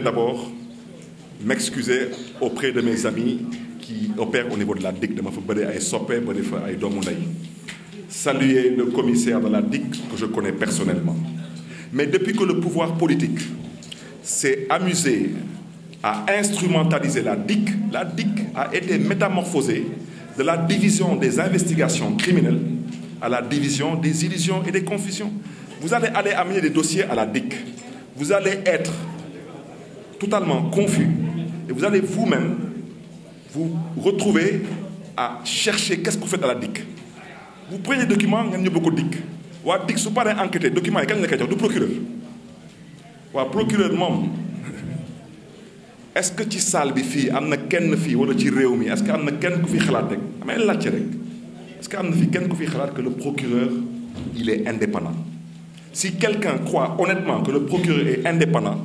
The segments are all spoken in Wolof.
d'abord m'excuser auprès de mes amis qui opèrent au niveau de la DIC de ma saluer le commissaire de la DIC que je connais personnellement mais depuis que le pouvoir politique s'est amusé à instrumentaliser la DIC la DIC a été métamorphosée de la division des investigations criminelles à la division des illusions et des confusions vous allez aller amener des dossiers à la DIC vous allez être totalement confus et vous allez vous-même vous retrouver à chercher qu'est-ce que vous faites à la DIC. Vous prenez des documents, il y a beaucoup de DIC. Wa DIC, si vous parlez enquêté, document, il y a du procureur. Wa procureur, mom, est-ce que ci salle bi fii am na kenn fii wala ci réew est-ce que y a kenn ku fi xalaat rek est-ce que y a fi kenn ku fi que le procureur il est indépendant si quelqu'un croit honnêtement que le procureur est indépendant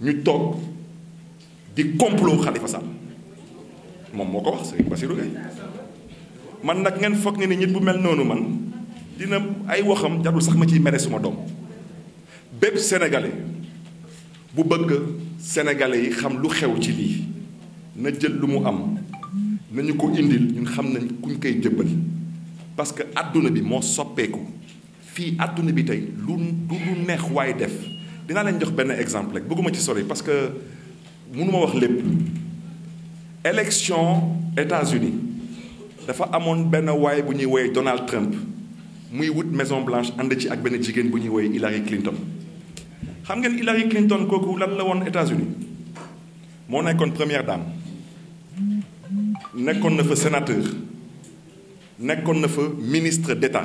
nous toog di complot Khalifa Sall moom moo wax sais pas man nag ngeen Je ni dina ay waxam jarul sax ma ciy mere suma sénégalais bu bëgg sénégalais yi xam lu xew ci na am indil ñun xam nañ kuñ koy parce que àdduna bi moo soppeeku fii bi tey lu vais vous jox un exemple rek ci parce que mënuma wax lepp aux États-Unis dafa Donald Trump muy wut Maison Blanche ci ak Hillary Clinton. xam Hillary Clinton koku lan la aux États-Unis mo une première dame n'est na fa sénateur n'est na fa ministre d'État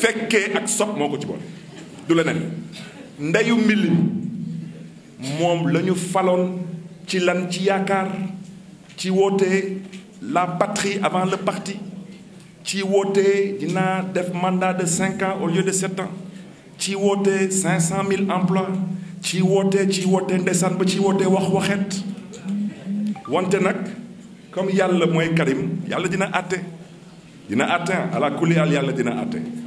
fait. ak sop moo ci de du vous le que la ci lan ci yakar ci la patrie avant le parti ci dina def mandat de 5 ans au lieu de 7 ans ci wootee cinq emplois ci le ci wootee ndessane ba ci wax waxet wante nak comme le moy Karim yalla dina de dina à la yalla dina atteint.